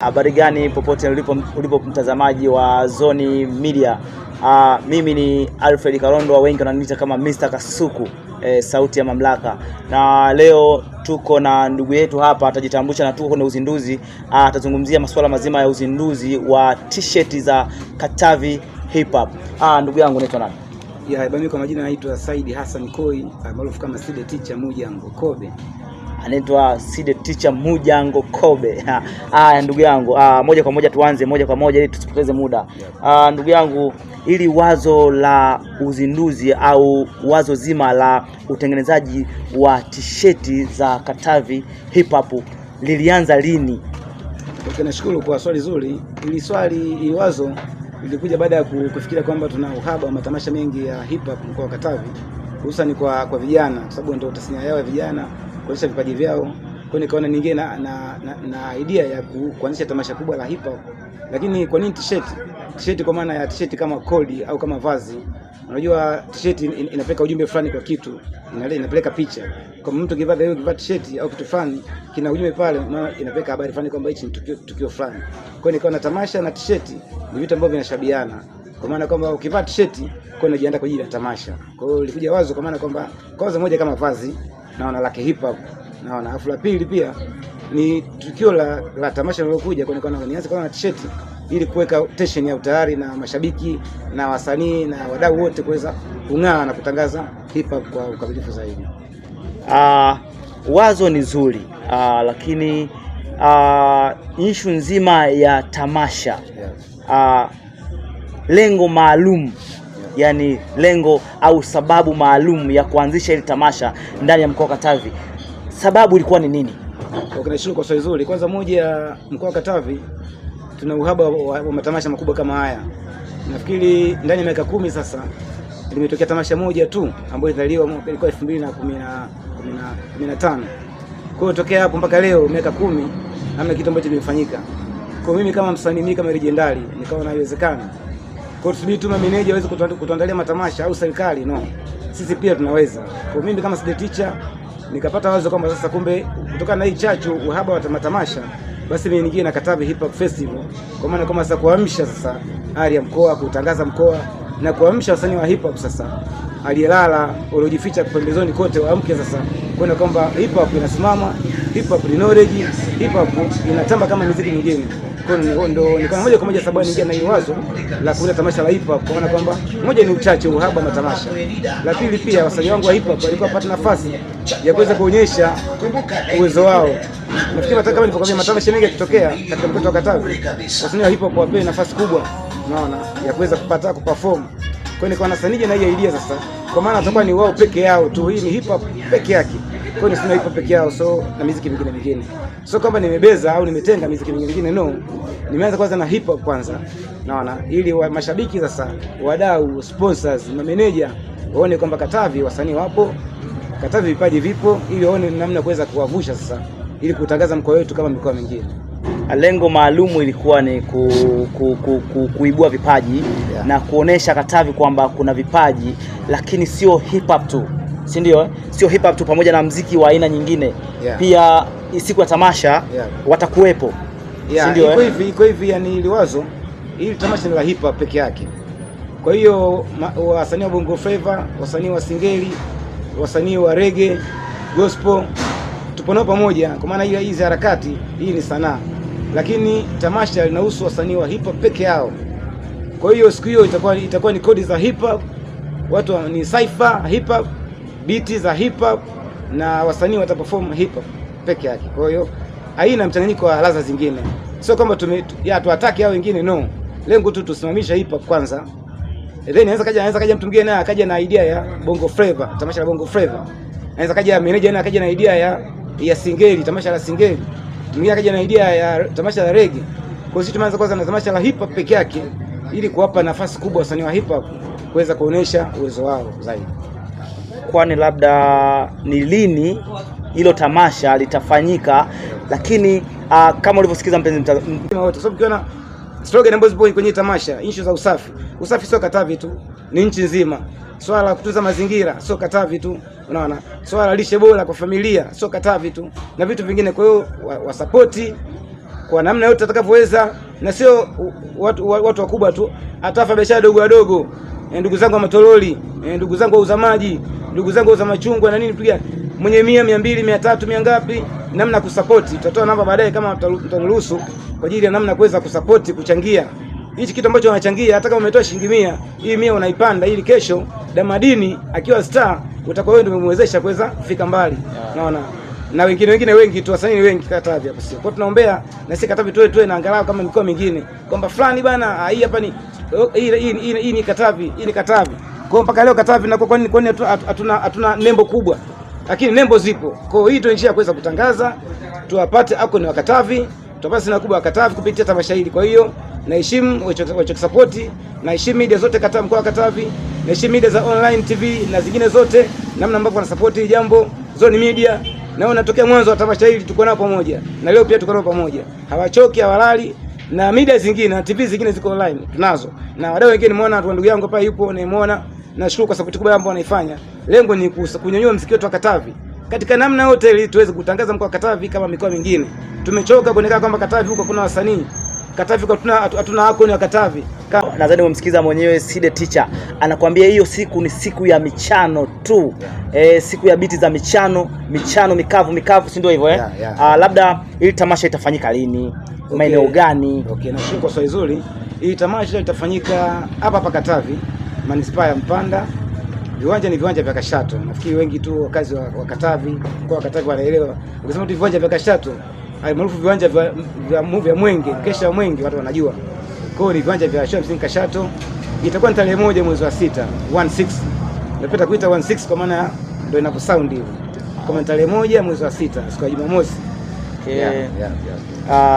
Habari gani popote ulipo, ulipo mtazamaji wa zoni Media. Aa, ah, mimi ni Alfred Kalondwa, wengi wananiita kama Mr. Kasuku e, sauti ya mamlaka, na leo tuko na ndugu yetu hapa, atajitambulisha na tuko kwenye uzinduzi, ah, atazungumzia masuala mazima ya uzinduzi wa t-shirt za Katavi Hip Hop. Ah, ndugu yangu unaitwa nani? Ya, mimi kwa majina naitwa Said Hassan Koi maarufu kama Side Teacher Mujango Kobe anaitwa side teacher Mujango Kobe. aya ndugu yangu, ah, moja kwa moja tuanze moja kwa moja ili tusipoteze muda. Ah, ndugu yangu, ili wazo la uzinduzi au wazo zima la utengenezaji wa tisheti za Katavi Hip Hop lilianza lini? Okay, nashukuru kwa swali zuri. Ili swali ili wazo ilikuja baada ya kufikiria kwamba tuna uhaba wa matamasha mengi ya hip hop mkoa wa Katavi, hususani kwa kwa vijana, kwa sababu ndio tasnia yao ya vijana kuonyesha vipaji vyao. Kwa nikaona ningie na, na, na, na idea ya kuanzisha tamasha kubwa la hip hop. Lakini kwa nini t-shirt? T-shirt kwa maana ya t-shirt kama kodi au kama vazi. Unajua t-shirt in, in, inapeleka ujumbe fulani kwa kitu, inapeleka picha. Kwa mtu kivaa hiyo kivaa t-shirt au kitu fulani kina ujumbe pale, maana inapeleka habari fulani kwamba hichi ni tukio, tukio fulani. Kwa hiyo nikaona tamasha na t-shirt ni vitu ambavyo vinashabiana kwa maana kwamba ukivaa t-shirt kwa unajiandaa kwa ajili ya tamasha. Kwa hiyo ilikuja wazo kwa maana kwamba kwanza moja kama vazi naona la hip hop naona. afu la pili pia ni tukio la, la tamasha lilokuja nikaona nianze kwanza na t-shirt ili kuweka tension ya utayari na mashabiki na wasanii na wadau wote kuweza kung'aa na kutangaza hip hop kwa ukamilifu zaidi. Uh, wazo ni zuri uh, lakini uh, ah, ishu nzima ya tamasha yes. uh, lengo maalum yani lengo au sababu maalum ya kuanzisha hili tamasha ndani ya mkoa wa Katavi, sababu ilikuwa ni nini? Okay, nashukuru kwa swali zuri. Kwanza moja, ya mkoa wa Katavi tuna uhaba wa, wa matamasha makubwa kama haya. Nafikiri ndani ya miaka kumi sasa limetokea tamasha moja tu ambayo ilizaliwa ilikuwa 2015. Kwa hiyo tokea hapo mpaka leo miaka kumi hamna kitu ambacho kimefanyika. Kwa mimi kama msanii, mimi kama legendari, nikaona haiwezekani kwa hiyo tu mameneja waweze kutuandalia matamasha au serikali no. Sisi pia tunaweza. Kwa mimi kama side teacher nikapata wazo kwamba sasa kumbe kutokana na hii chachu uhaba wa matamasha basi mimi ningie na Katavi Hip Hop Festival kwa maana kama sasa kuamsha sasa hali ya mkoa, kutangaza mkoa na kuamsha wasanii wa hip hop sasa aliyelala uliojificha pembezoni kote waamke sasa kuona kwamba hip hop inasimama, hip hop ni knowledge, hip hop inatamba kama muziki mwingine. Kwa ndo nikaona moja kwa moja sababu ningia na hilo wazo la kuleta tamasha la hip hop, kwa maana kwamba moja ni uchache, uhaba matamasha. La pili pia wasanii wangu wa hip hop walikuwa wapata nafasi ya kuweza kuonyesha uwezo wao. Nafikiri hata kama nilipokuambia matamasha mengi yakitokea katika mkoa wa Katavi, wasanii wa hip hop wapewe nafasi kubwa, unaona, ya kuweza kupata kuperform. Kwa hiyo nikawa nasanije na hii idea sasa, kwa maana atakuwa ni wao peke yao tu, hii ni hip hop peke yake. Kwa hiyo nisema hip hop peke yao so na muziki mingine mingine. So kwamba nimebeza au nimetenga muziki mingine mingine no. Nimeanza kwanza na hip hop kwanza. Naona ili wa mashabiki sasa, wadau, sponsors, manager waone kwamba Katavi wasanii wapo, Katavi vipaji vipo ili waone namna kuweza kuwavusha sasa ili kutangaza mkoa wetu kama mikoa mingine. Lengo maalumu ilikuwa ni ku, ku, ku, ku, kuibua vipaji yeah, na kuonesha Katavi kwamba kuna vipaji lakini sio hip hop tu si ndio eh? Sio hip hop tu, pamoja na mziki wa aina nyingine yeah. Pia siku ya tamasha yeah. watakuwepo yeah. si ndio eh? Hivi iko hivi, yani ile wazo tamasha ni la hip hop peke yake. Kwa hiyo wasanii wa Bongo Flava, wasanii wa Singeli, wasanii wa Reggae, Gospel tupo nao pamoja, kwa maana ile hizi harakati hii ni sanaa, lakini tamasha linahusu wasanii wa hip hop peke yao. Kwa hiyo siku hiyo itakuwa itakuwa ni kodi za hip hop, watu ni cypher hip hop biti za hip hop na wasanii wataperform hip hop peke yake. Kwa hiyo haina mchanganyiko wa ladha zingine, sio kwamba tuwataki hao wengine, no. Lengo tu tusimamisha hip hop kwanza, then anaweza kaja, anaweza kaja mtu mwingine naye akaja na idea ya bongo flavor, tamasha la bongo flavor. Anaweza kaja manager naye akaja na idea ya ya singeli, tamasha la singeli. Mwingine akaja na idea ya tamasha la reggae. Kwa hiyo sisi tumeanza kwanza na tamasha la hip hop peke yake ili kuwapa nafasi kubwa wasanii wa hip hop kuweza kuonesha uwezo wao zaidi kwani labda ni lini hilo tamasha litafanyika, lakini uh, kama ulivyosikiza mpenzi mtazamaji, ukiona slogan ambazo zipo kwenye tamasha, issue za usafi, usafi sio Katavi tu, ni nchi nzima swala la kutunza mazingira sio Katavi tu, unaona, swala la lishe bora kwa familia sio Katavi tu na vitu vingine. Kwa hiyo wasapoti wa kwa namna yote atakavyoweza, na sio watu wakubwa tu, hata wafanyabiashara dogo wadogo e, ndugu zangu wa matoroli e, ndugu zangu wa uzamaji ndugu zangu wa machungwa na nini, piga mwenye mia mia mbili mia tatu mia ngapi, namna kusapoti. Tutatoa namba baadaye kama mtaniruhusu, kwa ajili ya namna kuweza kusapoti, kuchangia hichi kitu ambacho wanachangia. Hata kama umetoa shilingi mia, hii mia unaipanda ili kesho Damadini akiwa star utakuwa wewe ndio umemwezesha kuweza kufika mbali, naona na wengine wengine wengi tu, wasanii wengi Katavi hapo sio. Kwa tunaombea na sisi Katavi tuwe tuwe na angalau kama mikoa mingine kwamba fulani bana, ah, hii hapa ni Oh, hii ni Katavi, hii ni Katavi. Kwa mpaka leo Katavi na kwa nini kwa nini hatuna hatuna nembo kubwa, lakini nembo zipo. Kwa hii ndio njia ya kuweza kutangaza, tuwapate ako ni Wakatavi, tuwapate sina kubwa Wakatavi kupitia tamasha hili. Kwa hiyo naheshimu wachokisapoti, naheshimu media zote kata mkoa wa Katavi, naheshimu media za online TV na zingine zote, namna ambavyo wanasapoti hili jambo Zone Media, na wanatokea mwanzo wa tamasha hili tuko nao pamoja, na leo pia tuko nao pamoja, hawachoki hawalali na media zingine na TV zingine ziko online tunazo, na wadau wengine nimeona watu ndugu yangu hapa yupo, nimeona nashukuru kwa sapoti kubwa ambayo wanaifanya. Lengo ni kunyanyua mziki wetu wa Katavi katika namna yote, ili tuweze kutangaza mkoa wa Katavi kama mikoa mingine. Tumechoka kuonekana kwamba Katavi huko kuna wasanii Katavi, kwa tuna hatuna icon ya Katavi nadhani umemsikiza mwenyewe Side Teacher anakuambia hiyo siku ni siku ya michano tu yeah. E, siku ya biti za michano michano mikavu mikavu, si ndio hivyo eh? yeah, yeah. Ah, labda hili tamasha itafanyika lini? okay. maeneo gani? okay. nashukuru kwa swali zuri. Hili tamasha litafanyika hapa hapa Katavi, manispaa ya Mpanda. Viwanja ni viwanja vya Kashato. Nafikiri wengi tu wakazi wa, wa Katavi kwa Katavi wanaelewa ukisema tu viwanja vya Kashato almaarufu viwanja vya, vya, vya Mwenge, kesha Mwenge, watu wanajua kwa hiyo ni viwanja vya shule msingi Kashato. Itakuwa ni tarehe moja mwezi wa sita 16. Napenda kuita 16 kwa maana ndio inaposound hivyo. Kwa tarehe moja mwezi wa sita siku ya Jumamosi. Okay. Yeah, yeah, yeah. Uh,